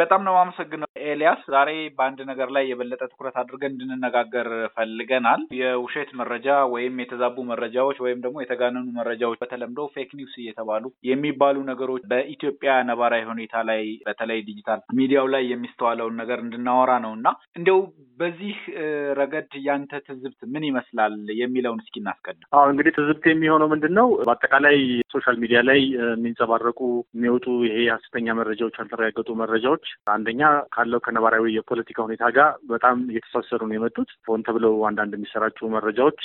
በጣም ነው የማመሰግነው ኤልያስ። ዛሬ በአንድ ነገር ላይ የበለጠ ትኩረት አድርገን እንድንነጋገር ፈልገናል። የውሸት መረጃ ወይም የተዛቡ መረጃዎች ወይም ደግሞ የተጋነኑ መረጃዎች በተለምዶ ፌክ ኒውስ እየተባሉ የሚባሉ ነገሮች በኢትዮጵያ ነባራዊ ሁኔታ ላይ በተለይ ዲጂታል ሚዲያው ላይ የሚስተዋለውን ነገር እንድናወራ ነው እና እንዲያው በዚህ ረገድ ያንተ ትዝብት ምን ይመስላል የሚለውን እስኪ እናስቀድም። አዎ እንግዲህ ትዝብት የሚሆነው ምንድን ነው በአጠቃላይ ሶሻል ሚዲያ ላይ የሚንጸባረቁ የሚወጡ ይሄ ሀሰተኛ መረጃዎች፣ ያልተረጋገጡ መረጃዎች አንደኛ ካለው ከነባራዊ የፖለቲካ ሁኔታ ጋር በጣም እየተሳሰሩ ነው የመጡት። ሆን ተብለው አንዳንድ የሚሰራጩ መረጃዎች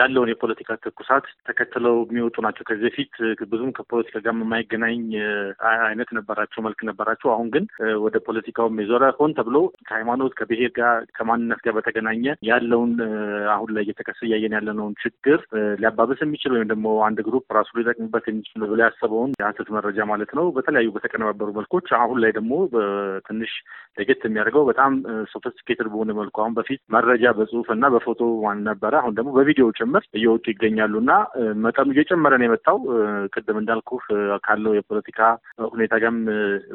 ያለውን የፖለቲካ ትኩሳት ተከትለው የሚወጡ ናቸው። ከዚህ በፊት ብዙም ከፖለቲካ ጋር የማይገናኝ አይነት ነበራቸው፣ መልክ ነበራቸው። አሁን ግን ወደ ፖለቲካውም የዞረ ሆን ተብሎ ከሃይማኖት፣ ከብሔር ጋር ከማንነት ጋር በተገናኘ ያለውን አሁን ላይ እየተከሰ እያየን ያለነውን ችግር ሊያባብስ የሚችል ወይም ደግሞ አንድ ግሩፕ ራሱ ሊጠቅምበት የሚችል ብሎ ያሰበውን የሀሰት መረጃ ማለት ነው በተለያዩ በተቀነባበሩ መልኮች አሁን ላይ ደግሞ ደግሞ በትንሽ ለየት የሚያደርገው በጣም ሶፊስቲኬትድ በሆነ መልኩ አሁን በፊት መረጃ በጽሁፍ እና በፎቶ ዋን ነበረ፣ አሁን ደግሞ በቪዲዮ ጭምር እየወጡ ይገኛሉ እና መጠኑ እየጨመረ ነው የመጣው። ቅድም እንዳልኩ ካለው የፖለቲካ ሁኔታ ጋርም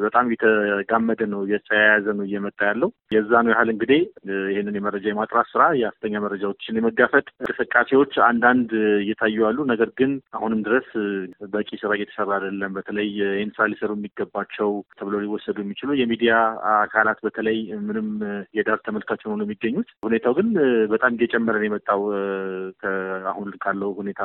በጣም እየተጋመደ ነው፣ እየተያያዘ ነው እየመጣ ያለው። የዛ ነው ያህል እንግዲህ ይህንን የመረጃ የማጥራት ስራ፣ የሐሰተኛ መረጃዎችን የመጋፈጥ እንቅስቃሴዎች አንዳንድ እየታዩ ያሉ፣ ነገር ግን አሁንም ድረስ በቂ ስራ እየተሰራ አይደለም። በተለይ ይህን ስራ ሊሰሩ የሚገባቸው ተብለው ሊወሰዱ የሚችሉ የሚዲያ አካላት በተለይ ምንም የዳር ተመልካች ሆኖ ነው የሚገኙት። ሁኔታው ግን በጣም እየጨመረ ነው የመጣው። አሁን ካለው ሁኔታ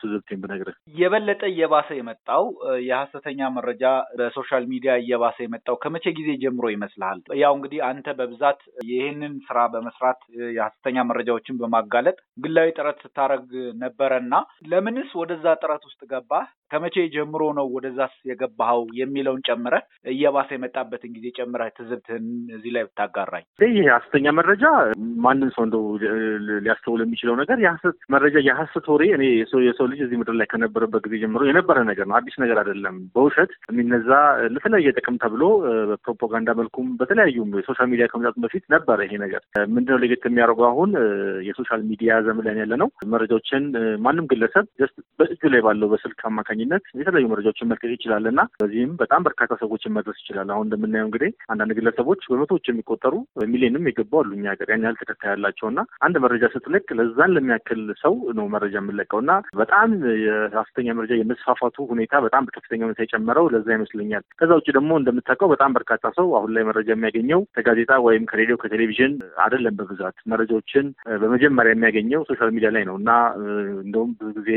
ትዝብቴን ብነግርህ የበለጠ እየባሰ የመጣው የሀሰተኛ መረጃ በሶሻል ሚዲያ እየባሰ የመጣው ከመቼ ጊዜ ጀምሮ ይመስልሃል? ያው እንግዲህ አንተ በብዛት ይህንን ስራ በመስራት የሀሰተኛ መረጃዎችን በማጋለጥ ግላዊ ጥረት ስታደርግ ነበረና ለምንስ ወደዛ ጥረት ውስጥ ገባህ? ከመቼ ጀምሮ ነው ወደዛስ የገባኸው የሚለውን ጨምረ እየባሰ የመጣበትን ጊዜ ጨምረ ትዝብትህን እዚህ ላይ ብታጋራኝ። ይህ የሀሰተኛ መረጃ ማንም ሰው እንደው ሊያስተውል የሚችለው ነገር የሀሰት መረጃ የሀሰት ወሬ እኔ የሰው ልጅ እዚህ ምድር ላይ ከነበረበት ጊዜ ጀምሮ የነበረ ነገር ነው። አዲስ ነገር አይደለም። በውሸት የሚነዛ ለተለያየ ጥቅም ተብሎ በፕሮፓጋንዳ መልኩም በተለያዩም የሶሻል ሚዲያ ከመጣቱ በፊት ነበረ። ይሄ ነገር ምንድነው ለየት የሚያደርጉ አሁን የሶሻል ሚዲያ ዘመን ላይ ያለ ነው። መረጃዎችን ማንም ግለሰብ በእጁ ላይ ባለው በስልክ አማካኝ አማካኝነት የተለያዩ መረጃዎችን መልቀቅ ይችላል እና በዚህም በጣም በርካታ ሰዎችን መድረስ ይችላል። አሁን እንደምናየው እንግዲህ አንዳንድ ግለሰቦች በመቶዎች የሚቆጠሩ ሚሊዮንም የገቡ አሉ እኛ ሀገር ያን ያህል ተከታይ ያላቸው እና አንድ መረጃ ስትለቅ ለዛን ለሚያክል ሰው ነው መረጃ የምለቀው እና በጣም የሀሰተኛ መረጃ የመስፋፋቱ ሁኔታ በጣም በከፍተኛ ሁኔታ የጨመረው ለዛ ይመስለኛል። ከዛ ውጭ ደግሞ እንደምታውቀው በጣም በርካታ ሰው አሁን ላይ መረጃ የሚያገኘው ከጋዜጣ ወይም ከሬዲዮ ከቴሌቪዥን አይደለም። በብዛት መረጃዎችን በመጀመሪያ የሚያገኘው ሶሻል ሚዲያ ላይ ነው እና እንደውም ብዙ ጊዜ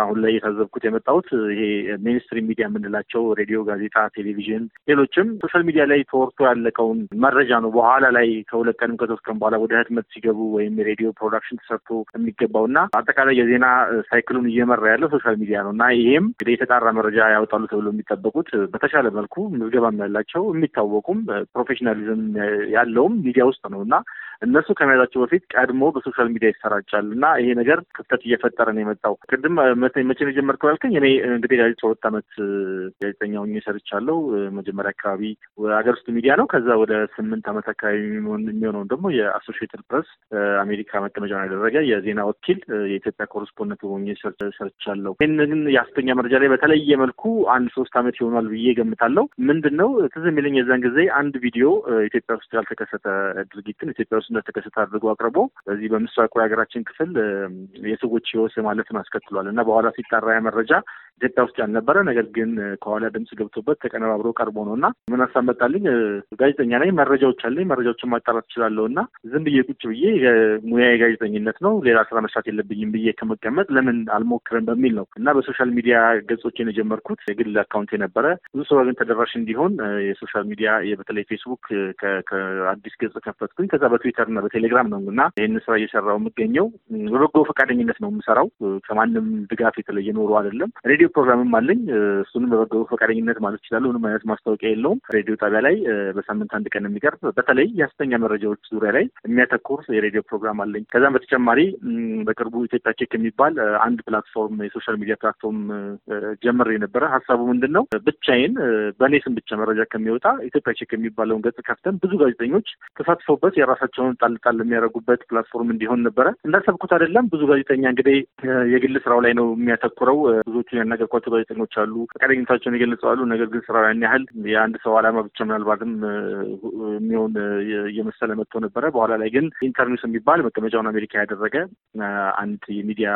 አሁን ላይ የታዘብኩት የመጣሁት ይሄ ሜንስትሪም ሚዲያ የምንላቸው ሬዲዮ፣ ጋዜጣ፣ ቴሌቪዥን፣ ሌሎችም ሶሻል ሚዲያ ላይ ተወርቶ ያለቀውን መረጃ ነው። በኋላ ላይ ከሁለት ቀንም ከሶስት ቀን በኋላ ወደ ህትመት ሲገቡ ወይም የሬዲዮ ፕሮዳክሽን ተሰርቶ የሚገባው እና አጠቃላይ የዜና ሳይክሉን እየመራ ያለው ሶሻል ሚዲያ ነው እና ይሄም እንግዲህ የተጣራ መረጃ ያወጣሉ ተብሎ የሚጠበቁት በተሻለ መልኩ ምዝገባም ያላቸው የሚታወቁም ፕሮፌሽናሊዝም ያለውም ሚዲያ ውስጥ ነው እና እነሱ ከመያዛቸው በፊት ቀድሞ በሶሻል ሚዲያ ይሰራጫል እና ይሄ ነገር ክፍተት እየፈጠረ ነው የመጣው። ቅድም መቼ ነው የጀመርከው ያልከኝ፣ እኔ እንግዲህ ጋዜጣ ሁለት ዓመት ጋዜጠኛ ሆኜ ሰርቻለሁ። መጀመሪያ አካባቢ አገር ውስጥ ሚዲያ ነው። ከዛ ወደ ስምንት ዓመት አካባቢ የሚሆነውን ደግሞ የአሶሽትድ ፕሬስ አሜሪካ መቀመጫውን ያደረገ የዜና ወኪል የኢትዮጵያ ኮረስፖንደንት ሆኜ ሰርቻለሁ። ግን የአስተኛ መረጃ ላይ በተለየ መልኩ አንድ ሶስት ዓመት ይሆኗል ብዬ ገምታለሁ። ምንድን ነው ትዝ የሚለኝ የዛን ጊዜ አንድ ቪዲዮ ኢትዮጵያ ውስጥ ያልተከሰተ ድርጊትን ኢትዮጵያ ውስጥ እንደተከሰተ አድርጎ አቅርቦ በዚህ በምስራቁ የሀገራችን ክፍል የሰዎች ህይወት ማለትን አስከትሏል እና በኋላ ሲጣራ ያ መረጃ ኢትዮጵያ ውስጥ ያልነበረ ነገር ግን ከኋላ ድምጽ ገብቶበት ተቀነባብሮ ቀርቦ ነው እና ምን አሳመጣልኝ ጋዜጠኛ ላይ መረጃዎች አለኝ፣ መረጃዎችን ማጣራት እችላለሁ እና ዝም ብዬ ቁጭ ብዬ ሙያ የጋዜጠኝነት ነው፣ ሌላ ስራ መስራት የለብኝም ብዬ ከመቀመጥ ለምን አልሞክርም በሚል ነው እና በሶሻል ሚዲያ ገጾች የጀመርኩት የግል አካውንት የነበረ ብዙ ሰው ግን ተደራሽ እንዲሆን የሶሻል ሚዲያ በተለይ ፌስቡክ ከአዲስ ገጽ ከፈትኩኝ። ከዛ በትዊተር በትዊተር እና በቴሌግራም ነው እና ይህን ስራ እየሰራው የምገኘው በበጎ ፈቃደኝነት ነው የምሰራው። ከማንም ድጋፍ የተለየ ኖሮ አይደለም። ሬዲዮ ፕሮግራምም አለኝ። እሱንም በበጎ ፈቃደኝነት ማለት ይችላሉ። ምንም አይነት ማስታወቂያ የለውም። ሬዲዮ ጣቢያ ላይ በሳምንት አንድ ቀን የሚቀርብ በተለይ የሐሰተኛ መረጃዎች ዙሪያ ላይ የሚያተኩር የሬዲዮ ፕሮግራም አለኝ። ከዛም በተጨማሪ በቅርቡ ኢትዮጵያ ቼክ የሚባል አንድ ፕላትፎርም የሶሻል ሚዲያ ፕላትፎርም ጀምር የነበረ ሀሳቡ ምንድን ነው ብቻዬን በእኔ ስም ብቻ መረጃ ከሚወጣ ኢትዮጵያ ቼክ የሚባለውን ገጽ ከፍተን ብዙ ጋዜጠኞች ተሳትፈውበት የራሳቸውን ስራቸውን ጣልጣል የሚያደርጉበት ፕላትፎርም እንዲሆን ነበረ። እንዳሰብኩት አይደለም። ብዙ ጋዜጠኛ እንግዲህ የግል ስራው ላይ ነው የሚያተኩረው። ብዙዎቹ ያናገርኳቸው ጋዜጠኞች አሉ፣ ፈቃደኝነታቸውን ይገልጸዋሉ። ነገር ግን ስራው ያን ያህል የአንድ ሰው አላማ ብቻ ምናልባትም የሚሆን እየመሰለ መጥቶ ነበረ። በኋላ ላይ ግን ኢንተርኒውስ የሚባል መቀመጫውን አሜሪካ ያደረገ አንድ የሚዲያ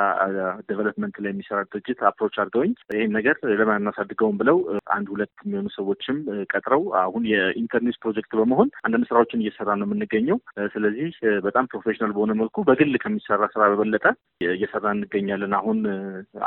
ዴቨሎፕመንት ላይ የሚሰራ ድርጅት አፕሮች አድርገውኝ ይህን ነገር ለምን እናሳድገውም ብለው አንድ ሁለት የሚሆኑ ሰዎችም ቀጥረው አሁን የኢንተርኒውስ ፕሮጀክት በመሆን አንዳንድ ስራዎችን እየሰራ ነው የምንገኘው ስለ ስለዚህ በጣም ፕሮፌሽናል በሆነ መልኩ በግል ከሚሰራ ስራ በበለጠ እየሰራ እንገኛለን። አሁን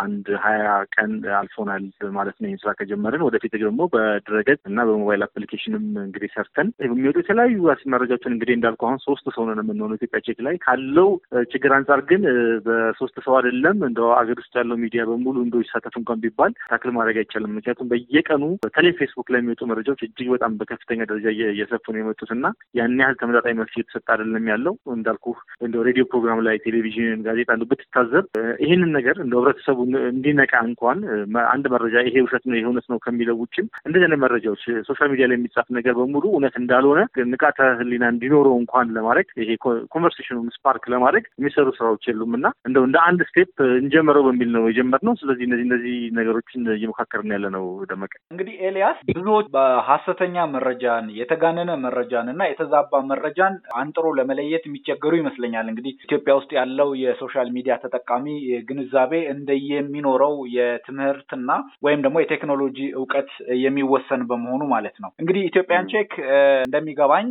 አንድ ሀያ ቀን አልፎናል ማለት ነው ይህን ስራ ከጀመርን። ወደፊት ደግሞ በድረገጽ እና በሞባይል አፕሊኬሽንም እንግዲህ ሰርተን የሚወጡ የተለያዩ አዲስ መረጃዎችን እንግዲህ እንዳልኩ አሁን ሶስት ሰው ነው የምንሆነው ኢትዮጵያ ቼክ ላይ ካለው ችግር አንጻር ግን በሶስት ሰው አይደለም እንደ አገር ውስጥ ያለው ሚዲያ በሙሉ እንደ ይሳተፍ እንኳን ቢባል ታክል ማድረግ አይቻልም። ምክንያቱም በየቀኑ በተለይ ፌስቡክ ላይ የሚወጡ መረጃዎች እጅግ በጣም በከፍተኛ ደረጃ እየሰፉ ነው የመጡት እና ያን ያህል ተመጣጣኝ መፍትሄ የተሰጣ አይደለም ያለው እንዳልኩ እንደ ሬዲዮ ፕሮግራም ላይ ቴሌቪዥን፣ ጋዜጣ እንደ ብትታዘብ ይህንን ነገር እንደ ህብረተሰቡ እንዲነቃ እንኳን አንድ መረጃ ይሄ ውሸት ነው ይሄ እውነት ነው ከሚለው ውጭም እንደዚህ አይነት መረጃዎች ሶሻል ሚዲያ ላይ የሚጻፍ ነገር በሙሉ እውነት እንዳልሆነ ንቃተ ህሊና እንዲኖረው እንኳን ለማድረግ ይሄ ኮንቨርሴሽኑን ስፓርክ ለማድረግ የሚሰሩ ስራዎች የሉም እና እንደው እንደ አንድ ስቴፕ እንጀምረው በሚል ነው የጀመርነው። ስለዚህ እነዚህ እነዚህ ነገሮችን እየመካከርን ያለ ነው። ደመቀ እንግዲህ ኤልያስ ብዙዎች በሀሰተኛ መረጃን የተጋነነ መረጃን እና የተዛባ መረጃን አንጥሮ ከቀጠሮ ለመለየት የሚቸገሩ ይመስለኛል። እንግዲህ ኢትዮጵያ ውስጥ ያለው የሶሻል ሚዲያ ተጠቃሚ ግንዛቤ እንደየሚኖረው የትምህርትና ወይም ደግሞ የቴክኖሎጂ እውቀት የሚወሰን በመሆኑ ማለት ነው። እንግዲህ ኢትዮጵያን ቼክ እንደሚገባኝ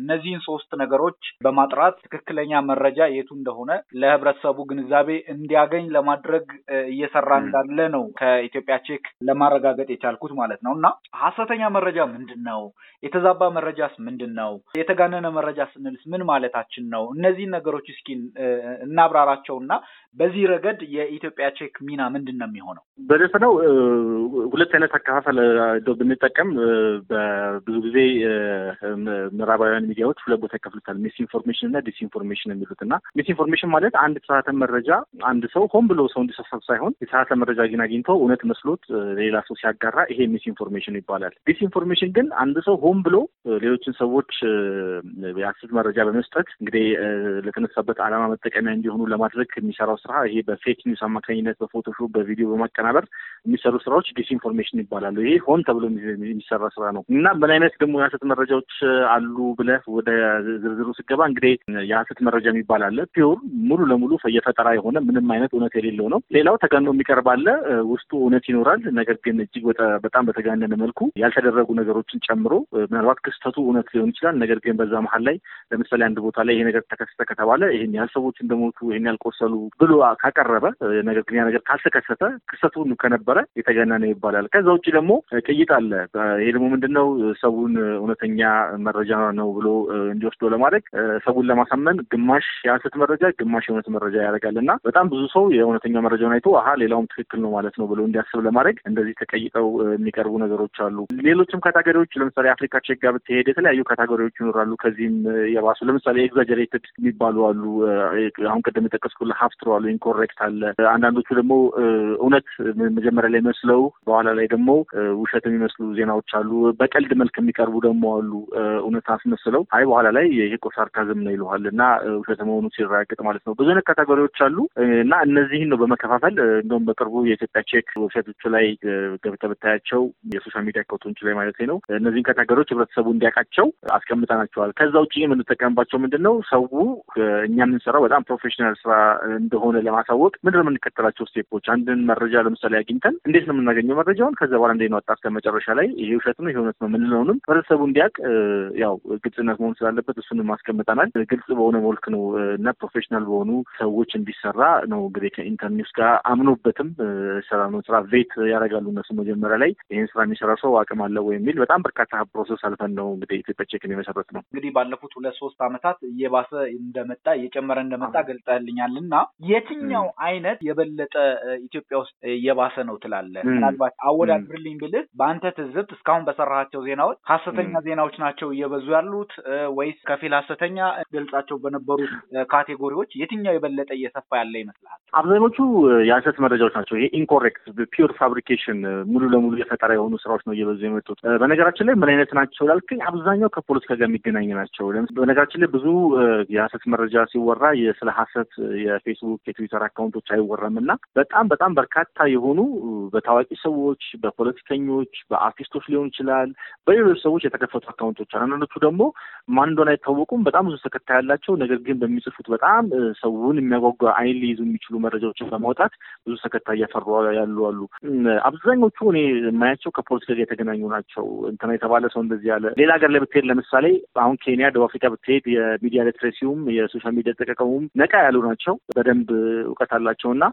እነዚህን ሶስት ነገሮች በማጥራት ትክክለኛ መረጃ የቱ እንደሆነ ለህብረተሰቡ ግንዛቤ እንዲያገኝ ለማድረግ እየሰራ እንዳለ ነው ከኢትዮጵያ ቼክ ለማረጋገጥ የቻልኩት ማለት ነው። እና ሀሰተኛ መረጃ ምንድን ነው? የተዛባ መረጃስ ምንድን ነው? የተጋነነ መረጃስ ስንልስ ምን ማለታችን ነው? እነዚህን ነገሮች እስኪ እናብራራቸው እና በዚህ ረገድ የኢትዮጵያ ቼክ ሚና ምንድን ነው የሚሆነው? በደስ ነው ሁለት አይነት አከፋፈል ብንጠቀም ብዙ ጊዜ ምዕራባውያን ሚዲያዎች ሁለት ቦታ ይከፍሉታል። ሚስ ኢንፎርሜሽን እና ዲስኢንፎርሜሽን የሚሉት እና ሚስ ኢንፎርሜሽን ማለት አንድ የተሳተ መረጃ አንድ ሰው ሆን ብሎ ሰው እንዲሰሰብ ሳይሆን የተሳተ መረጃ ግን አግኝቶ እውነት መስሎት ሌላ ሰው ሲያጋራ ይሄ ሚስ ኢንፎርሜሽን ይባላል። ዲስኢንፎርሜሽን ግን አንድ ሰው ሆን ብሎ ሌሎችን ሰዎች የሐሰት መረጃ በመስጠት እንግዲህ ለተነሳበት ዓላማ መጠቀሚያ እንዲሆኑ ለማድረግ የሚሰራው ስራ ይሄ በፌክ ኒውስ አማካኝነት በፎቶሾፕ በቪዲዮ በማቀናበር የሚሰሩ ስራዎች ዲስኢንፎርሜሽን ይባላሉ። ይሄ ሆን ተብሎ የሚሰራ ስራ ነው እና ምን አይነት ደግሞ የሀሰት መረጃዎች አሉ ብለህ ወደ ዝርዝሩ ስገባ እንግዲህ የሀሰት መረጃ የሚባል አለ። ፒውር ሙሉ ለሙሉ የፈጠራ የሆነ ምንም አይነት እውነት የሌለው ነው። ሌላው ተጋኖ የሚቀርብ አለ። ውስጡ እውነት ይኖራል፣ ነገር ግን እጅግ በጣም በተጋነነ መልኩ ያልተደረጉ ነገሮችን ጨምሮ ምናልባት ክስተቱ እውነት ሊሆን ይችላል፣ ነገር ግን በዛ መሀል ላይ ለምሳሌ አንድ ቦታ ላይ ይሄ ነገር ተከሰተ ከተባለ ይህን ያህል ሰዎች እንደሞቱ ይህን ያህል ቆሰሉ ብሎ ካቀረበ ነገር ግን ያ ነገር ካልተከሰተ ክስተቱን ከነበረ የተገና ይባላል። ከዛ ውጭ ደግሞ ቅይጥ አለ። ይሄ ደግሞ ምንድነው ሰውን እውነተኛ መረጃ ነው ብሎ እንዲወስዶ ለማድረግ ሰውን ለማሳመን ግማሽ የሐሰት መረጃ ግማሽ የእውነት መረጃ ያደርጋል እና በጣም ብዙ ሰው የእውነተኛ መረጃውን አይቶ አሀ ሌላውም ትክክል ነው ማለት ነው ብሎ እንዲያስብ ለማድረግ እንደዚህ ተቀይጠው የሚቀርቡ ነገሮች አሉ። ሌሎችም ካታጎሪዎች ለምሳሌ አፍሪካ ቼክ ጋር ብትሄድ የተለያዩ ካታጎሪዎች ይኖራሉ። ከዚህም የባሱ ለምሳሌ ኤግዛጀሬትድ የሚባሉ አሉ። አሁን ቀደም የጠቀስኩልህ ሀፍትሮ አሉ፣ ኢንኮሬክት አለ። አንዳንዶቹ ደግሞ እውነት መጀመሪያ ላይ መስለው በኋላ ላይ ደግሞ ውሸት የሚመስሉ ዜናዎች አሉ። በቀልድ መልክ የሚቀርቡ ደግሞ አሉ። እውነት አስመስለው አይ በኋላ ላይ ይሄ ሳርካዝም ነው ይለዋል እና ውሸት መሆኑ ሲረጋገጥ ማለት ነው። ብዙ አይነት ካታጎሪዎች አሉ እና እነዚህን ነው በመከፋፈል እንደውም በቅርቡ የኢትዮጵያ ቼክ ዌብሳይቶቹ ላይ ገብተህ ብታያቸው የሶሻል ሚዲያ አካውንቶች ላይ ማለት ነው እነዚህን ካታጎሪዎች ህብረተሰቡ እንዲያውቃቸው አስቀምጠናቸዋል። ከዛ ውጭ ምን የምንጠቀምባቸው ምንድን ነው ሰው እኛ የምንሰራው በጣም ፕሮፌሽናል ስራ እንደሆነ ለማሳወቅ ምንድን ነው የምንከተላቸው ስቴፖች? አንድን መረጃ ለምሳሌ አግኝተን እንዴት ነው የምናገኘው መረጃውን? ከዛ በኋላ እንዴት ነው አጣርተን መጨረሻ ላይ ይሄ ውሸት ነው ይሄ እውነት ነው የምንለውንም ህብረተሰቡ እንዲያውቅ ያው ግልጽነት መሆን ስላለበት እሱንም ማስቀምጠናል። ግልጽ በሆነ መልክ ነው እና ፕሮፌሽናል በሆኑ ሰዎች እንዲሰራ ነው እንግዲህ ከኢንተርኒውስ ጋር አምኖበትም ስራ ነው ስራ ቬት ያደርጋሉ እነሱ መጀመሪያ ላይ ይህን ስራ የሚሰራ ሰው አቅም አለው የሚል በጣም በርካታ ፕሮሰስ አልፈን ነው እንግዲህ ኢትዮጵያ ቼክን የመሰረት ነው እንግዲህ ባለፉት ሁለት ሶስት ዓመታት እየባሰ እንደመጣ እየጨመረ እንደመጣ ገልጸህልኛል እና የትኛው አይነት የበለጠ ኢትዮጵያ ውስጥ እየባሰ ነው ትላለህ? ምናልባት አወዳድርልኝ ብልህ በአንተ ትዝብት እስካሁን በሰራሃቸው ዜናዎች ሀሰተኛ ዜናዎች ናቸው እየበዙ ያሉት ወይስ ከፊል ሀሰተኛ ገልጻቸው በነበሩ ካቴጎሪዎች የትኛው የበለጠ እየሰፋ ያለ ይመስላል? አብዛኞቹ የሀሰት መረጃዎች ናቸው። ይሄ ኢንኮሬክት ፋብሪኬሽን ሙሉ ለሙሉ የፈጠራ የሆኑ ስራዎች ነው እየበዙ የመጡት። በነገራችን ላይ ምን አይነት ናቸው ላልክኝ አብዛኛው ከፖለቲካ ጋር የሚገናኝ ናቸው። በነገራችን ላይ ብዙ የሀሰት መረጃ ሲወራ ስለ ሀሰት የፌስቡክ የትዊተር አካውንቶች አይወራም እና በጣም በጣም በርካታ የሆኑ በታዋቂ ሰዎች፣ በፖለቲከኞች፣ በአርቲስቶች ሊሆን ይችላል በሌሎች ሰዎች የተከፈቱ አካውንቶች አንዳንዶቹ ደግሞ ማን እንደሆነ አይታወቁም። በጣም ብዙ ተከታይ ያላቸው ነገር ግን በሚጽፉት በጣም ሰውን የሚያጓጓ አይን ሊይዙ የሚችሉ መረጃዎችን በማውጣት ብዙ ተከታይ እያፈሩ ያሉ አሉ። አብዛኞቹ እኔ የማያቸው ከፖለቲካ ጋር የተገናኙ ናቸው። እንትና የተባለ ሰው እንደዚህ ያለ ሌላ ሀገር ላይ ብትሄድ ለምሳሌ አሁን ኬንያ፣ ደቡብ አፍሪካ ብትሄድ የሚዲያ ሊትሬሲውም የሶሻል ሚዲያ አጠቃቀሙም ነቃ ያሉ ናቸው። በደንብ እውቀት አላቸው እና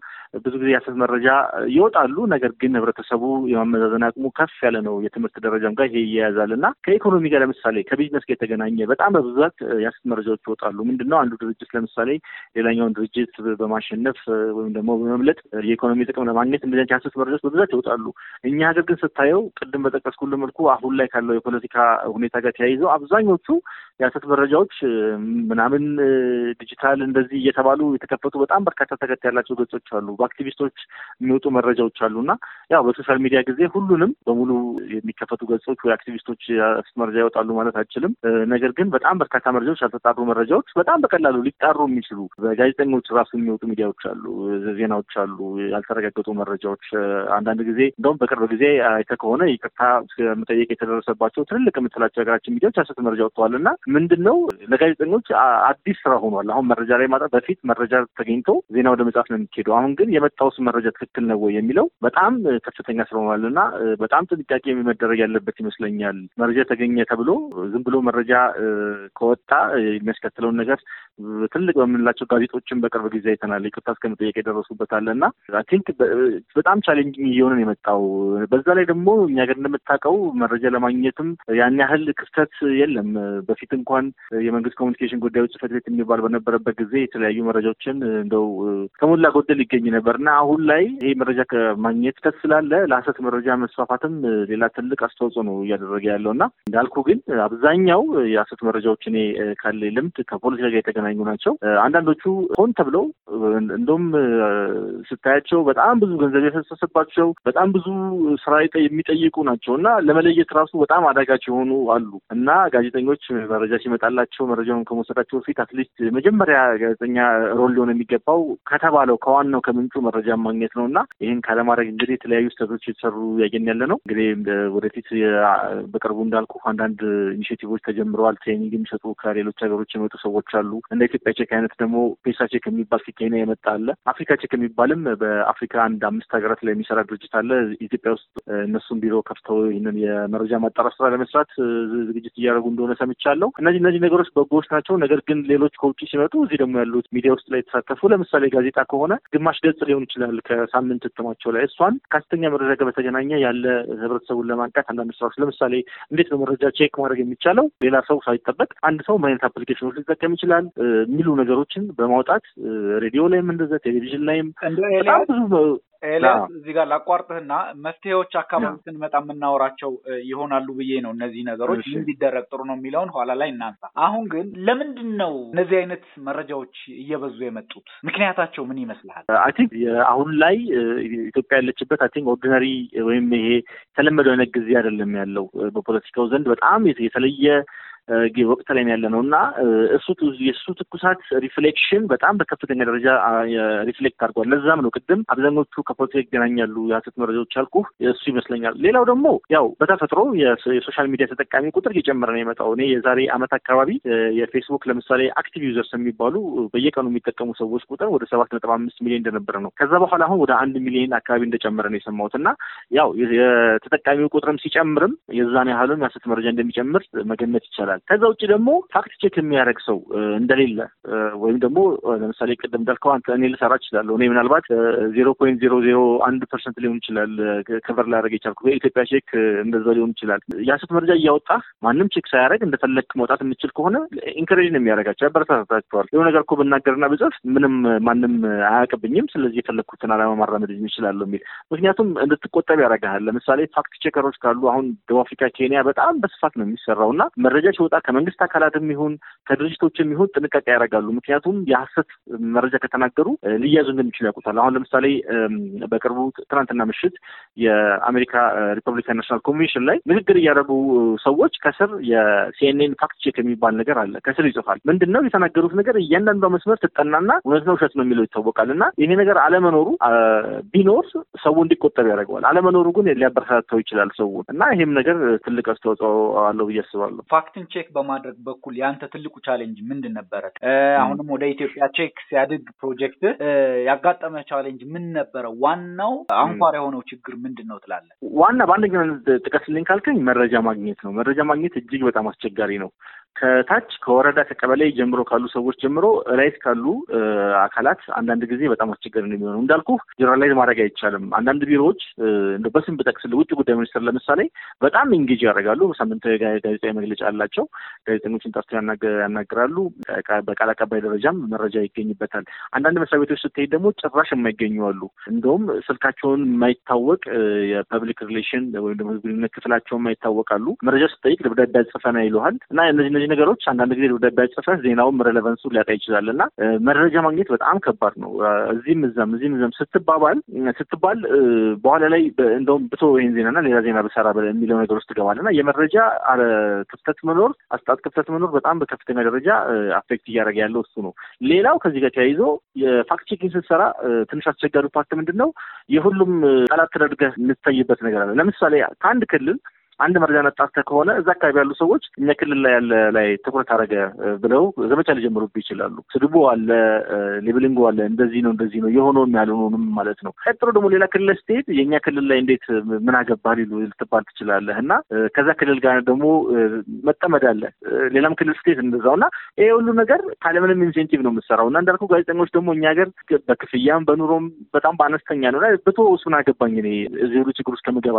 ብዙ ጊዜ የሐሰት መረጃ ይወጣሉ። ነገር ግን ህብረተሰቡ የማመዛዘን አቅሙ ከፍ ያለ ነው። የትምህርት ደረጃም ጋር ይሄ ይያያዛል እና ከኢኮኖሚ ጋር ለምሳሌ ከቢዝነስ ጋር የተገናኘ በጣም በብዛት የሐሰት መረጃዎች ይወጣሉ። ምንድን ነው አንዱ ድርጅት ለምሳሌ ሌላኛውን ድርጅት በማሸነፍ ወይም ደግሞ በመምለጥ የኢኮኖሚ ጥቅም ለማግኘት እንደዚህ የሐሰት መረጃዎች በብዛት ይወጣሉ። እኛ ሀገር ግን ስታየው ቅድም በጠቀስኩልህ መልኩ አሁን ላይ ካለው የፖለቲካ ሁኔታ ጋር ተያይዘው አብዛኞቹ የሐሰት መረጃዎች ምናምን ዲጂታል እንደዚህ እየተባሉ የተከፈቱ በጣም በርካታ ተከታይ ያላቸው ገጾች አሉ። በአክቲቪስቶች የሚወጡ መረጃዎች አሉ እና ያው በሶሻል ሚዲያ ጊዜ ሁሉንም በሙሉ የሚከፈቱ ገጾች ወይ አክቲቪስቶች የሐሰት መረጃ ይወጣሉ ማለት አይችልም። ነገር ግን በጣም በርካታ መረጃዎች፣ ያልተጣሩ መረጃዎች በጣም በቀላሉ ሊጣሩ የሚችሉ በጋዜጠኞች ራሱ የሚወጡ ሚዲያዎች አሉ፣ ዜናዎች አሉ፣ ያልተረጋገጡ መረጃዎች አንዳንድ ጊዜ እንደውም በቅርብ ጊዜ አይተህ ከሆነ ይቅርታ መጠየቅ የተደረሰባቸው ትልልቅ የምትላቸው ሀገራችን ሚዲያዎች ሐሰት መረጃ ወጥተዋል እና ምንድን ነው ለጋዜጠኞች አዲስ ስራ ሆኗል። አሁን መረጃ ላይ ማጣት በፊት መረጃ ተገኝቶ ዜና ወደ መጽሐፍ ነው የሚሄደው። አሁን ግን የመጣውስ መረጃ ትክክል ነው ወይ የሚለው በጣም ከፍተኛ ስራ ሆኗል እና በጣም ጥንቃቄ መደረግ ያለበት ይመስለኛል። መረጃ ተገኘ ተብሎ ዝም ብሎ መረጃ ከወጣ የሚያስከትለውን ነገር ትልቅ በምንላቸው ጋዜጦችን በቅርብ ጊዜ አይተናል። ይቅርታ እስከ መጠየቅ የደረሱበት አለ እና አይ ቲንክ በጣም ቻሌንጅ እየሆነ ነው የመጣው። በዛ ላይ ደግሞ እኛ ሀገር እንደምታውቀው መረጃ ለማግኘትም ያን ያህል ክፍተት የለም በፊት እንኳን የመንግስት ኮሚኒኬሽን ጉዳዮች ጽህፈት ቤት የሚባል በነበረበት ጊዜ የተለያዩ መረጃዎችን እንደው ከሞላ ጎደል ይገኝ ነበር እና አሁን ላይ ይሄ መረጃ ከማግኘት ከት ስላለ ለሀሰት መረጃ መስፋፋትም ሌላ ትልቅ አስተዋጽኦ ነው እያደረገ ያለው እና እንዳልኩ ግን አብዛኛው የሀሰት መረጃዎች እኔ ካለ ልምድ ከፖለቲካ ጋር የተገናኙ ናቸው። አንዳንዶቹ ሆን ተብለው እንደውም ስታያቸው በጣም ብዙ ገንዘብ የፈሰሰባቸው በጣም ብዙ ስራ የሚጠይቁ ናቸው እና ለመለየት ራሱ በጣም አዳጋች የሆኑ አሉ እና ጋዜጠኞች መረጃ ሲመጣላቸው መረጃውን ከመውሰዳቸው በፊት አትሊስት መጀመሪያ ጋዜጠኛ ሮል ሊሆን የሚገባው ከተባለው ከዋናው ከምንጩ መረጃ ማግኘት ነው እና ይህን ካለማድረግ እንግዲህ የተለያዩ ስህተቶች የተሰሩ ያየን ያለ ነው። እንግዲህ ወደፊት በቅርቡ እንዳልኩ አንዳንድ ኢኒሽቲቮች ተጀምረዋል። ትሬኒንግ የሚሰጡ ከሌሎች ሀገሮች የመጡ ሰዎች አሉ። እንደ ኢትዮጵያ ቼክ አይነት ደግሞ ፔሳ ቼክ የሚባል ከኬንያ የመጣ አለ። አፍሪካ ቼክ የሚባልም በአፍሪካ አንድ አምስት ሀገራት ላይ የሚሰራ ድርጅት አለ። ኢትዮጵያ ውስጥ እነሱም ቢሮ ከፍተው ይህንን የመረጃ ማጣራት ስራ ለመስራት ዝግጅት እያደረጉ እንደሆነ ሰምቻለሁ። እነዚህ እነዚህ ነገሮች በጎዎች ናቸው። ነገር ግን ሌሎች ከውጭ ሲመጡ እዚህ ደግሞ ያሉት ሚዲያ ውስጥ ላይ የተሳተፉ ለምሳሌ ጋዜጣ ከሆነ ግማሽ ገጽ ሊሆን ይችላል ከሳምንት እትማቸው ላይ እሷን ከሐሰተኛ መረጃ ጋር በተገናኘ ያለ ህብረተሰቡን ለማንቃት አንዳንድ ስራዎች ለምሳሌ እንዴት ነው መረጃ ቼክ ማድረግ የሚቻለው ሌላ ሰው ሳይጠበቅ አንድ ሰው ምን አይነት አፕሊኬሽኖች ሊጠቀም ይችላል የሚሉ ነገሮችን በማውጣት ሬዲዮ ላይም እንደዚያ ቴሌቪዥን ላይም በጣም ብዙ ኤልያስ እዚህ ጋር ላቋርጥህና መፍትሄዎች አካባቢ ስንመጣ የምናወራቸው ይሆናሉ ብዬ ነው። እነዚህ ነገሮች እንዲደረግ ጥሩ ነው የሚለውን ኋላ ላይ እናንሳ። አሁን ግን ለምንድን ነው እነዚህ አይነት መረጃዎች እየበዙ የመጡት? ምክንያታቸው ምን ይመስልሃል? አይ ቲንክ አሁን ላይ ኢትዮጵያ ያለችበት አይ ቲንክ ኦርዲነሪ ወይም ይሄ የተለመደው አይነት ጊዜ አይደለም ያለው በፖለቲካው ዘንድ በጣም የተለየ ወቅት ላይ ያለ ነው እና እሱ የእሱ ትኩሳት ሪፍሌክሽን በጣም በከፍተኛ ደረጃ ሪፍሌክት አድርጓል። ለዛም ነው ቅድም አብዛኞቹ ከፖለቲካ ይገናኛሉ የሀሰት መረጃዎች አልኩ እሱ ይመስለኛል። ሌላው ደግሞ ያው በተፈጥሮ የሶሻል ሚዲያ ተጠቃሚ ቁጥር እየጨመረ ነው የመጣው። እኔ የዛሬ አመት አካባቢ የፌስቡክ ለምሳሌ አክቲቭ ዩዘርስ የሚባሉ በየቀኑ የሚጠቀሙ ሰዎች ቁጥር ወደ ሰባት ነጥብ አምስት ሚሊዮን እንደነበረ ነው። ከዛ በኋላ አሁን ወደ አንድ ሚሊዮን አካባቢ እንደጨመረ ነው የሰማሁት እና ያው የተጠቃሚው ቁጥርም ሲጨምርም የዛን ያህልም የሀሰት መረጃ እንደሚጨምር መገመት ይቻላል። ይችላል። ከዛ ውጭ ደግሞ ፋክት ቼክ የሚያደርግ ሰው እንደሌለ ወይም ደግሞ ለምሳሌ ቅድም እንዳልከው አንተ እኔ ልሰራ እችላለሁ እኔ ምናልባት ዜሮ ፖይንት ዜሮ ዜሮ አንድ ፐርሰንት ሊሆን ይችላል ከቨር ላደረግ የቻልኩ በኢትዮጵያ ቼክ እንደዛ ሊሆን ይችላል። የሀሰት መረጃ እያወጣ ማንም ቼክ ሳያደርግ እንደፈለግክ መውጣት የምችል ከሆነ ኢንከሬጅ ነው የሚያደርጋቸው፣ ያበረታታቸዋል። የሆነ ነገር እኮ ብናገርና ብጽፍ ምንም ማንም አያውቅብኝም፣ ስለዚህ የፈለግኩትን አላማ ማራመድ ይችላለሁ የሚል ምክንያቱም እንድትቆጠብ ያደርግሃል። ለምሳሌ ፋክት ቼከሮች ካሉ አሁን ደቡብ አፍሪካ፣ ኬንያ በጣም በስፋት ነው የሚሰራው እና መረጃ ስንወጣ ከመንግስት አካላትም ይሁን ከድርጅቶችም ይሁን ጥንቃቄ ያደርጋሉ። ምክንያቱም የሀሰት መረጃ ከተናገሩ ሊያዙ እንደሚችሉ ያውቁታል። አሁን ለምሳሌ በቅርቡ ትናንትና ምሽት የአሜሪካ ሪፐብሊካን ናሽናል ኮንቬንሽን ላይ ንግግር እያደረጉ ሰዎች ከስር የሲኤንኤን ፋክት ቼክ የሚባል ነገር አለ። ከስር ይጽፋል። ምንድን ነው የተናገሩት ነገር እያንዳንዷ መስመር ትጠናና እውነት ነው ውሸት ነው የሚለው ይታወቃል። እና ይሄ ነገር አለመኖሩ ቢኖር ሰው እንዲቆጠብ ያደርገዋል። አለመኖሩ ግን ሊያበረታታው ይችላል ሰውን እና ይሄም ነገር ትልቅ አስተዋጽኦ አለው ብዬ አስባለሁ። ፋክትን ቼክ በማድረግ በኩል ያንተ ትልቁ ቻሌንጅ ምንድን ነበረ? አሁንም ወደ ኢትዮጵያ ቼክ ሲያድግ ፕሮጀክት ያጋጠመ ቻሌንጅ ምን ነበረ? ዋናው አንኳር የሆነው ችግር ምንድን ነው ትላለ ዋና በአንደኛ ጥቀስልኝ ካልከኝ መረጃ ማግኘት ነው። መረጃ ማግኘት እጅግ በጣም አስቸጋሪ ነው። ከታች ከወረዳ ከቀበሌ ጀምሮ ካሉ ሰዎች ጀምሮ ላይት ካሉ አካላት አንዳንድ ጊዜ በጣም አስቸጋሪ ነው የሚሆነው። እንዳልኩ ጀነራላይዝ ማድረግ አይቻልም። አንዳንድ ቢሮዎች በስም ብጠቅስል ውጭ ጉዳይ ሚኒስትር ለምሳሌ በጣም እንግጅ ያደርጋሉ። ሳምንታዊ ጋዜጣዊ መግለጫ አላቸው። ነው። ጋዜጠኞችን ጠርቶ ያናግራሉ። በቃል አቀባይ ደረጃም መረጃ ይገኝበታል። አንዳንድ መስሪያ ቤቶች ስትሄድ ደግሞ ጭራሽ የማይገኙ አሉ። እንደውም ስልካቸውን የማይታወቅ የፐብሊክ ሪሌሽን ወይም ደግሞ ግንኙነት ክፍላቸውን የማይታወቃሉ። መረጃ ስትጠይቅ ደብዳቤ አጽፈና ይለሃል እና እነዚህ እነዚህ ነገሮች አንዳንድ ጊዜ ደብዳቤ አጽፈህ ዜናውም ሬሌቨንሱ ሊያጣ ይችላል እና መረጃ ማግኘት በጣም ከባድ ነው። እዚህም እዛም እዚህም እዛም ስትባባል ስትባል በኋላ ላይ እንደውም ብቶ ይህን ዜናና ሌላ ዜና ብሰራ የሚለው ነገር ውስጥ ትገባል እና የመረጃ ክፍተት መኖር መኖር አስጣት ክፍተት መኖር በጣም በከፍተኛ ደረጃ አፌክት እያደረገ ያለው እሱ ነው። ሌላው ከዚህ ጋር ተያይዞ የፋክት ቼኪንግ ስትሰራ ትንሽ አስቸጋሪ ፓርት ምንድን ነው? የሁሉም ቃላት ተደርገህ የምትታይበት ነገር አለ። ለምሳሌ ከአንድ ክልል አንድ መረጃ ነጣፍተህ ከሆነ እዛ አካባቢ ያሉ ሰዎች እኛ ክልል ላይ ያለ ላይ ትኩረት አደረገ ብለው ዘመቻ ሊጀምሩብህ ይችላሉ። ስድቦ አለ፣ ሌብሊንጎ አለ፣ እንደዚህ ነው እንደዚህ ነው የሆነውም ያልሆነውም ማለት ነው። ቀጥሎ ደግሞ ሌላ ክልል ስትሄድ የእኛ ክልል ላይ እንዴት ምን አገባ ሊሉ ልትባል ትችላለህ። እና ከዛ ክልል ጋር ደግሞ መጠመድ አለ። ሌላም ክልል ስትሄድ እንደዛው እና ይሄ ሁሉ ነገር ካለምንም ኢንሴንቲቭ ነው የምትሰራው። እና እንዳልኩ ጋዜጠኞች ደግሞ እኛ ሀገር በክፍያም በኑሮም በጣም በአነስተኛ ነው። ብቶ ምን አገባኝ እኔ እዚህ ሁሉ ችግር ውስጥ ከምገባ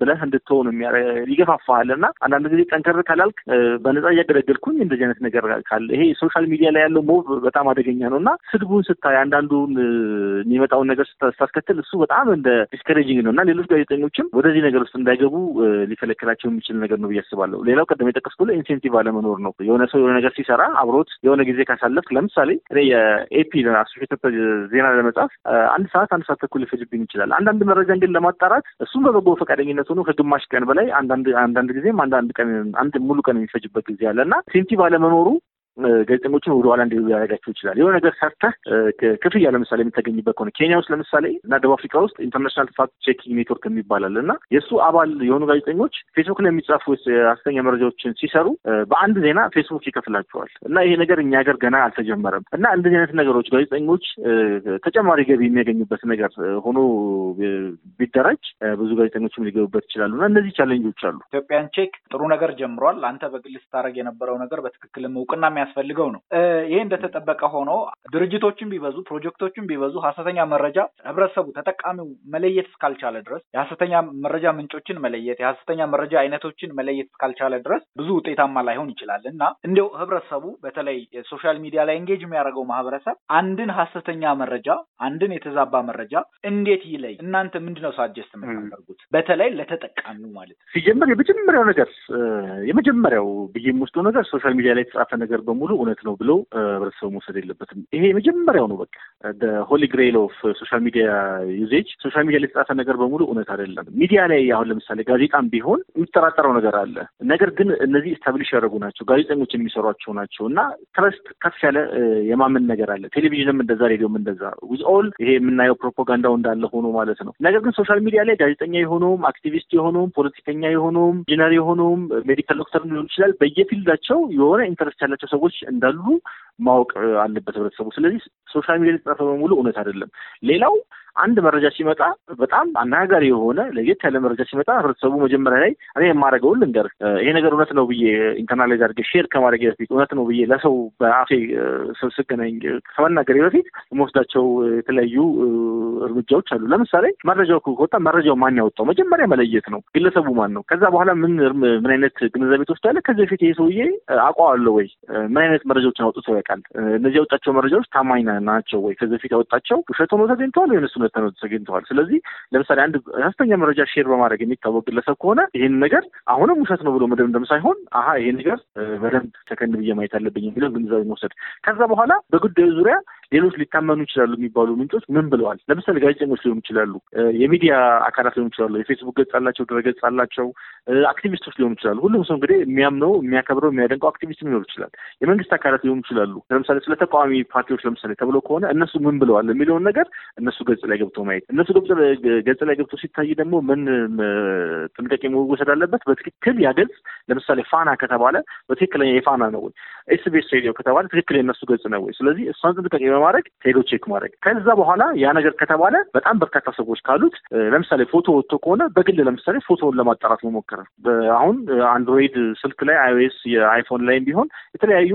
ብለህ እንድትሆን የሚያረ ይገፋፋሃል እና አንዳንድ ጊዜ ጠንከር ካላልክ በነጻ እያገለገልኩኝ እንደዚህ አይነት ነገር ካለ ይሄ ሶሻል ሚዲያ ላይ ያለው ሞብ በጣም አደገኛ ነው እና ስድቡን ስታይ አንዳንዱን የሚመጣውን ነገር ስታስከትል እሱ በጣም እንደ ዲስከሬጂንግ ነው እና ሌሎች ጋዜጠኞችም ወደዚህ ነገር ውስጥ እንዳይገቡ ሊከለክላቸው የሚችል ነገር ነው ብዬ አስባለሁ። ሌላው ቀደም የጠቀስኩት ኢንሴንቲቭ አለመኖር ነው። የሆነ ሰው የሆነ ነገር ሲሰራ አብሮት የሆነ ጊዜ ካሳለፍክ፣ ለምሳሌ የኤፒ አሶሼትድ ዜና ለመጻፍ አንድ ሰዓት አንድ ሰዓት ተኩል ሊፈጅብኝ ይችላል። አንዳንድ መረጃ ግን ለማጣራት እሱም በበጎ ፈቃደኝነት ሆኖ ከግማሽ ቀን በላይ አንዳንድ አንዳንድ ጊዜም አንዳንድ ቀን አንድ ሙሉ ቀን የሚፈጅበት ጊዜ አለ እና ሴፍቲ ባለመኖሩ ጋዜጠኞችን ወደ ኋላ እንዲሉ ሊያደርጋቸው ይችላል። የሆነ ነገር ሰርተህ ክፍያ ለምሳሌ የምታገኝበት ከሆነ ኬንያ ውስጥ ለምሳሌ እና ደቡብ አፍሪካ ውስጥ ኢንተርናሽናል ፋክት ቼኪንግ ኔትወርክ የሚባላል እና የእሱ አባል የሆኑ ጋዜጠኞች ፌስቡክ ላይ የሚጻፉ ሐሰተኛ መረጃዎችን ሲሰሩ በአንድ ዜና ፌስቡክ ይከፍላቸዋል እና ይሄ ነገር እኛ ሀገር ገና አልተጀመረም እና እንደዚህ አይነት ነገሮች ጋዜጠኞች ተጨማሪ ገቢ የሚያገኙበት ነገር ሆኖ ቢደራጅ ብዙ ጋዜጠኞችም ሊገቡበት ይችላሉ እና እነዚህ ቻለንጆች አሉ። ኢትዮጵያን ቼክ ጥሩ ነገር ጀምሯል። አንተ በግል ስታደርግ የነበረው ነገር በትክክልም እውቅና የሚያስፈልገው ነው። ይህ እንደተጠበቀ ሆኖ ድርጅቶችን ቢበዙ ፕሮጀክቶችን ቢበዙ ሀሰተኛ መረጃ ህብረተሰቡ ተጠቃሚው መለየት እስካልቻለ ድረስ የሀሰተኛ መረጃ ምንጮችን መለየት የሀሰተኛ መረጃ አይነቶችን መለየት እስካልቻለ ድረስ ብዙ ውጤታማ ላይሆን ይችላል እና እንዲው ህብረተሰቡ በተለይ ሶሻል ሚዲያ ላይ ኤንጌጅ የሚያደርገው ማህበረሰብ አንድን ሀሰተኛ መረጃ አንድን የተዛባ መረጃ እንዴት ይለይ? እናንተ ምንድነው ሳጀስት የምታደርጉት? በተለይ ለተጠቃሚው ማለት ነው። ሲጀምር የመጀመሪያው ነገር የመጀመሪያው ብዬም ውስጡ ነገር ሶሻል ሚዲያ ላይ የተጻፈ ነገር በ በሙሉ እውነት ነው ብሎ ህብረተሰቡ መውሰድ የለበትም። ይሄ የመጀመሪያው ነው። በቃ ሆሊ ግሬል ኦፍ ሶሻል ሚዲያ ዩዜጅ ሶሻል ሚዲያ ላይ የተጻፈ ነገር በሙሉ እውነት አይደለም። ሚዲያ ላይ አሁን ለምሳሌ ጋዜጣም ቢሆን የሚጠራጠረው ነገር አለ። ነገር ግን እነዚህ ስታብሊሽ ያደረጉ ናቸው፣ ጋዜጠኞች የሚሰሯቸው ናቸው እና ትረስት ከፍ ያለ የማመን ነገር አለ። ቴሌቪዥንም እንደዛ፣ ሬዲዮም እንደዛ ዊዝ ኦል ይሄ የምናየው ፕሮፓጋንዳው እንዳለ ሆኖ ማለት ነው። ነገር ግን ሶሻል ሚዲያ ላይ ጋዜጠኛ የሆኑም አክቲቪስት የሆኑም ፖለቲከኛ የሆኑም ኢንጂነር የሆነውም ሜዲካል ዶክተር ሊሆን ይችላል። በየፊልዳቸው የሆነ ኢንተረስት ያላቸው ሰዎች ሰዎች እንዳሉ ማወቅ አለበት ህብረተሰቡ። ስለዚህ ሶሻል ሚዲያ የተጻፈ በሙሉ እውነት አይደለም። ሌላው አንድ መረጃ ሲመጣ በጣም አነጋጋሪ የሆነ ለየት ያለ መረጃ ሲመጣ ህብረተሰቡ መጀመሪያ ላይ እኔ የማደርገውን ልንገር፣ ይሄ ነገር እውነት ነው ብዬ ኢንተርናላይዝ አድርጌ ሼር ከማድረግ በፊት እውነት ነው ብዬ ለሰው በአፌ ስብስገናኝ ከመናገሬ በፊት የምወስዳቸው የተለያዩ እርምጃዎች አሉ። ለምሳሌ መረጃው ከወጣ መረጃው ማን ያወጣው መጀመሪያ መለየት ነው። ግለሰቡ ማን ነው? ከዛ በኋላ ምን ምን አይነት ግንዛቤ ትወስዳለህ? ከዚህ በፊት ይሄ ሰውዬ አውቀዋለሁ ወይ? ምን አይነት መረጃዎችን አውጥቶ ይጠበቃል። እነዚህ ያወጣቸው መረጃዎች ታማኝ ናቸው ወይ? ከዚህ በፊት ያወጣቸው ውሸት ሆኖ ተገኝተዋል ወይ ወይም ነተ ነው ተገኝተዋል። ስለዚህ ለምሳሌ አንድ ሀሰተኛ መረጃ ሼር በማድረግ የሚታወቅ ግለሰብ ከሆነ ይህን ነገር አሁንም ውሸት ነው ብሎ መደምደም ሳይሆን አሀ ይህን ነገር በደንብ ተከንብዬ ማየት አለብኝ የሚለው ግንዛቤ መውሰድ ከዛ በኋላ በጉዳዩ ዙሪያ ሌሎች ሊታመኑ ይችላሉ የሚባሉ ምንጮች ምን ብለዋል? ለምሳሌ ጋዜጠኞች ሊሆኑ ይችላሉ፣ የሚዲያ አካላት ሊሆኑ ይችላሉ፣ የፌስቡክ ገጽ አላቸው፣ ድረ ገጽ አላቸው፣ አክቲቪስቶች ሊሆኑ ይችላሉ። ሁሉም ሰው እንግዲህ የሚያምነው የሚያከብረው፣ የሚያደንቀው አክቲቪስት ሊኖር ይችላል። የመንግስት አካላት ሊሆኑ ይችላሉ። ለምሳሌ ስለ ተቃዋሚ ፓርቲዎች ለምሳሌ ተብሎ ከሆነ እነሱ ምን ብለዋል የሚለውን ነገር እነሱ ገጽ ላይ ገብቶ ማየት እነሱ ገጽ ላይ ገብቶ ሲታይ ደግሞ ምን ጥንቃቄ መወሰድ አለበት? በትክክል ያ ገጽ ለምሳሌ ፋና ከተባለ በትክክለኛ የፋና ነው ወይ? ኤስቤስ ሬዲዮ ከተባለ ትክክል የእነሱ ገጽ ነው ወይ? ስለዚህ እሷን ጥንቃቄ በማድረግ ሄዶ ቼክ ማድረግ ከዛ በኋላ ያ ነገር ከተባለ በጣም በርካታ ሰዎች ካሉት ለምሳሌ ፎቶ ወጥቶ ከሆነ በግል ለምሳሌ ፎቶውን ለማጣራት መሞከር አሁን አንድሮይድ ስልክ ላይ አይኦኤስ የአይፎን ላይም ቢሆን የተለያዩ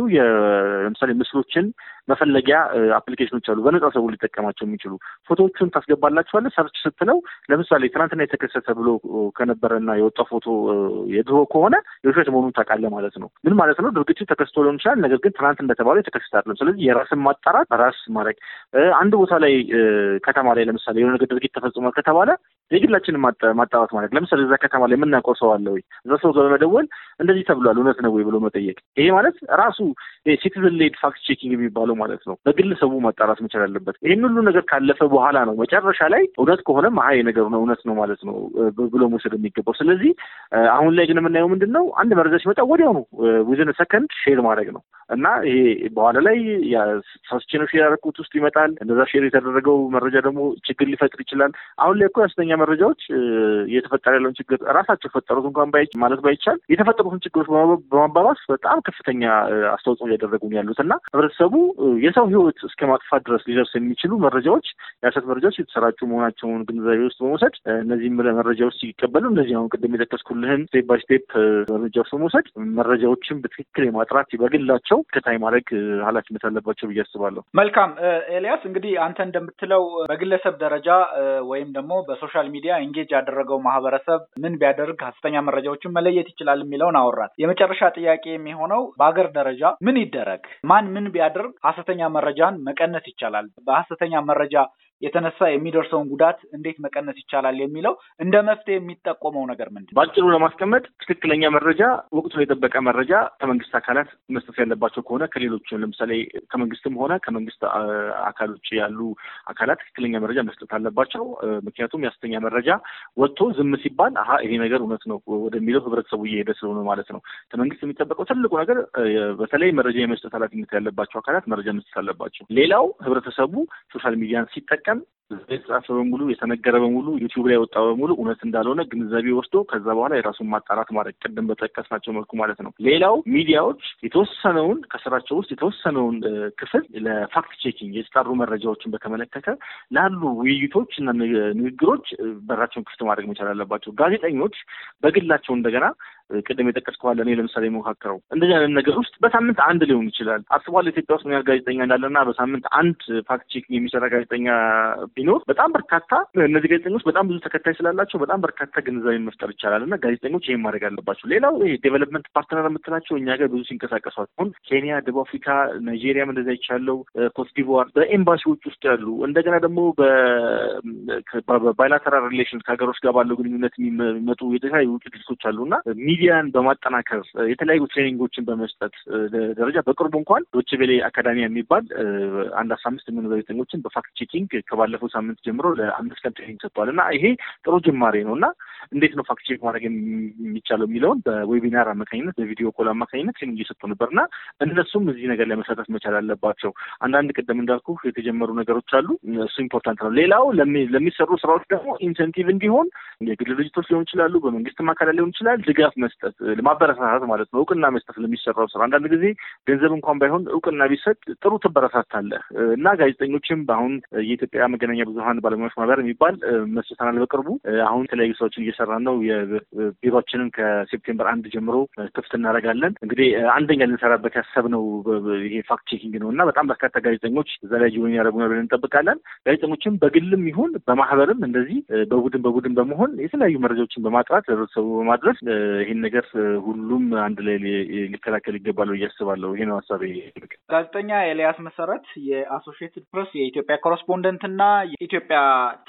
ለምሳሌ ምስሎችን መፈለጊያ አፕሊኬሽኖች አሉ፣ በነጻ ሰው ሊጠቀማቸው የሚችሉ ፎቶዎቹን ታስገባላቸዋለ ሰርች ስትለው ለምሳሌ ትናንትና የተከሰተ ብሎ ከነበረና የወጣ ፎቶ የድሮ ከሆነ የውሸት መሆኑን ታውቃለህ ማለት ነው። ምን ማለት ነው? ድርግቱ ተከስቶ ሊሆን ይችላል፣ ነገር ግን ትናንት እንደተባለው የተከሰተ አይደለም። ስለዚህ የራስን ማጣራት ራስ ማድረግ አንድ ቦታ ላይ ከተማ ላይ ለምሳሌ የሆነ ነገር ድርጊት ተፈጽሟል ከተባለ የግላችንን ማጣራት ማለት ለምሳሌ እዛ ከተማ ላይ የምናውቀው ሰው አለ ወይ? እዛ ሰው በመደወል እንደዚህ ተብሏል እውነት ነው ወይ ብሎ መጠየቅ። ይሄ ማለት ራሱ ሲቲዝን ሌድ ፋክት ቼኪንግ የሚባለው ማለት ነው። በግለሰቡ ማጣራት መቻል አለበት። ይህን ሁሉ ነገር ካለፈ በኋላ ነው መጨረሻ ላይ እውነት ከሆነ መሀይ የነገሩ ነው እውነት ነው ማለት ነው ብሎ መውሰድ የሚገባው። ስለዚህ አሁን ላይ ግን የምናየው ምንድን ነው አንድ መረጃ ሲመጣ ወዲያውኑ ዊዝን ሰከንድ ሼር ማድረግ ነው እና ይሄ በኋላ ላይ ሳስቼ ነው ሼር ያደረኩት ውስጥ ይመጣል። እነዛ ሼር የተደረገው መረጃ ደግሞ ችግር ሊፈጥር ይችላል። አሁን ላይ እኮ አነስተኛ መረጃዎች እየተፈጠረ ያለውን ችግር ራሳቸው ፈጠሩት እንኳን ማለት ባይቻል የተፈጠሩትን ችግሮች በማባባስ በጣም ከፍተኛ አስተዋጽኦ እያደረጉ ያሉት እና ህብረተሰቡ የሰው ህይወት እስከ ማጥፋት ድረስ ሊደርስ የሚችሉ መረጃዎች የሀሰት መረጃዎች የተሰራጩ መሆናቸውን ግንዛቤ ውስጥ በመውሰድ እነዚህም መረጃዎች ሲቀበሉ እነዚህ አሁን ቅድም የጠቀስኩልህን ስቴፕ ባይ ስቴፕ እርምጃ ውስጥ በመውሰድ መረጃዎችን በትክክል የማጥራት በግላቸው ከታይ ማድረግ ኃላፊነት አለባቸው ብዬ አስባለሁ። መልካም ኤልያስ፣ እንግዲህ አንተ እንደምትለው በግለሰብ ደረጃ ወይም ደግሞ በሶሻል ሚዲያ ኤንጌጅ ያደረገው ማህበረሰብ ምን ቢያደርግ ሀሰተኛ መረጃዎችን መለየት ይችላል የሚለውን አወራት። የመጨረሻ ጥያቄ የሚሆነው በሀገር ደረጃ ምን ይደረግ? ማን ምን ቢያደርግ ሀሰተኛ መረጃን መቀነስ ይቻላል። በሀሰተኛ መረጃ የተነሳ የሚደርሰውን ጉዳት እንዴት መቀነስ ይቻላል የሚለው እንደ መፍትሄ የሚጠቆመው ነገር ምንድን በአጭሩ ለማስቀመጥ ትክክለኛ መረጃ፣ ወቅቱን የጠበቀ መረጃ ከመንግስት አካላት መስጠት ያለባቸው ከሆነ ከሌሎች ለምሳሌ ከመንግስትም ሆነ ከመንግስት አካል ውጭ ያሉ አካላት ትክክለኛ መረጃ መስጠት አለባቸው። ምክንያቱም ያስተኛ መረጃ ወጥቶ ዝም ሲባል አ ይሄ ነገር እውነት ነው ወደሚለው ህብረተሰቡ እየሄደ ስለሆነ ማለት ነው። ከመንግስት የሚጠበቀው ትልቁ ነገር በተለይ መረጃ የመስጠት ኃላፊነት ያለባቸው አካላት መረጃ መስጠት አለባቸው። ሌላው ህብረተሰቡ ሶሻል ሚዲያን ሲጠቀም ቀን የተጻፈ በሙሉ የተነገረ በሙሉ ዩቲዩብ ላይ የወጣ በሙሉ እውነት እንዳልሆነ ግንዛቤ ወስዶ ከዛ በኋላ የራሱን ማጣራት ማድረግ ቅድም በጠቀስናቸው መልኩ ማለት ነው። ሌላው ሚዲያዎች የተወሰነውን ከስራቸው ውስጥ የተወሰነውን ክፍል ለፋክት ቼኪንግ የተጣሩ መረጃዎችን በተመለከተ ላሉ ውይይቶች እና ንግግሮች በራቸውን ክፍት ማድረግ መቻል አለባቸው። ጋዜጠኞች በግላቸው እንደገና ቅድም የጠቀስከዋለ እኔ ለምሳሌ መካከረው እንደዚህ አይነት ነገር ውስጥ በሳምንት አንድ ሊሆን ይችላል። አስቧል ኢትዮጵያ ውስጥ ያህል ጋዜጠኛ እንዳለና በሳምንት አንድ ፋክት ቼክ የሚሰራ ጋዜጠኛ ቢኖር በጣም በርካታ እነዚህ ጋዜጠኞች በጣም ብዙ ተከታይ ስላላቸው በጣም በርካታ ግንዛቤ መፍጠር ይቻላል እና ጋዜጠኞች ይህም ማድረግ አለባቸው። ሌላው ይሄ ዴቨሎፕመንት ፓርትነር የምትላቸው እኛ ጋር ብዙ ሲንቀሳቀሷል። አሁን ኬንያ፣ ደቡብ አፍሪካ፣ ናይጄሪያም እንደዛ ይቻለው ኮትዲቮር በኤምባሲዎች ውስጥ ያሉ እንደገና ደግሞ በባይላተራል ሪሌሽን ከሀገሮች ጋር ባለው ግንኙነት የሚመጡ የተለያዩ ድርጅቶች አሉ እና ሚዲያን በማጠናከር የተለያዩ ትሬኒንጎችን በመስጠት ደረጃ በቅርቡ እንኳን ዶችቬሌ አካዳሚያ የሚባል አንድ አስራ አምስት የሚሆኑ ጋዜጠኞችን በፋክት ቼኪንግ ከባለፈው ሳምንት ጀምሮ ለአምስት ቀን ትሬኒንግ ሰጥቷል እና ይሄ ጥሩ ጅማሬ ነው እና እንዴት ነው ፋክት ቼክ ማድረግ የሚቻለው የሚለውን በዌቢናር አማካኝነት በቪዲዮ ኮል አማካኝነት ትሬኒንግ እየሰጡ ነበር እና እነሱም እዚህ ነገር ላይ መሳተፍ መቻል አለባቸው። አንዳንድ ቅድም እንዳልኩ የተጀመሩ ነገሮች አሉ። እሱ ኢምፖርታንት ነው። ሌላው ለሚሰሩ ስራዎች ደግሞ ኢንሴንቲቭ እንዲሆን የግል ድርጅቶች ሊሆን ይችላሉ፣ በመንግስትም አካላት ሊሆን ይችላል ድጋፍ መ መስጠት ለማበረታታት ማለት ነው፣ እውቅና መስጠት ለሚሰራው ስራ። አንዳንድ ጊዜ ገንዘብ እንኳን ባይሆን እውቅና ቢሰጥ ጥሩ ትበረታታለህ እና ጋዜጠኞችም በአሁን የኢትዮጵያ መገናኛ ብዙኃን ባለሙያዎች ማህበር የሚባል መስርተናል በቅርቡ። አሁን የተለያዩ ሰዎችን እየሰራን ነው። ቢሮችንን ከሴፕቴምበር አንድ ጀምሮ ክፍት እናደርጋለን። እንግዲህ አንደኛ ልንሰራበት ያሰብነው ይሄ ፋክት ቼኪንግ ነው እና በጣም በርካታ ጋዜጠኞች እዛ ላይ ጆይን ነው ብለን እንጠብቃለን። ጋዜጠኞችም በግልም ይሁን በማህበርም እንደዚህ በቡድን በቡድን በመሆን የተለያዩ መረጃዎችን በማጥራት ለህብረተሰቡ በማድረስ ይህን ይህን ነገር ሁሉም አንድ ላይ ሊከላከል ይገባል ብዬ አስባለሁ። ይሄ ነው ሀሳቤ። ጋዜጠኛ ኤልያስ መሰረት የአሶሽትድ ፕሬስ የኢትዮጵያ ኮረስፖንደንት እና የኢትዮጵያ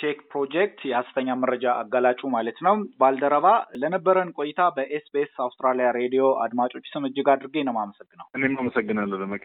ቼክ ፕሮጀክት የሀሰተኛ መረጃ አጋላጩ ማለት ነው ባልደረባ፣ ለነበረን ቆይታ በኤስቢኤስ አውስትራሊያ ሬዲዮ አድማጮች ስም እጅግ አድርጌ ነው የማመሰግነው። እኔም አመሰግናለሁ ደመቀ።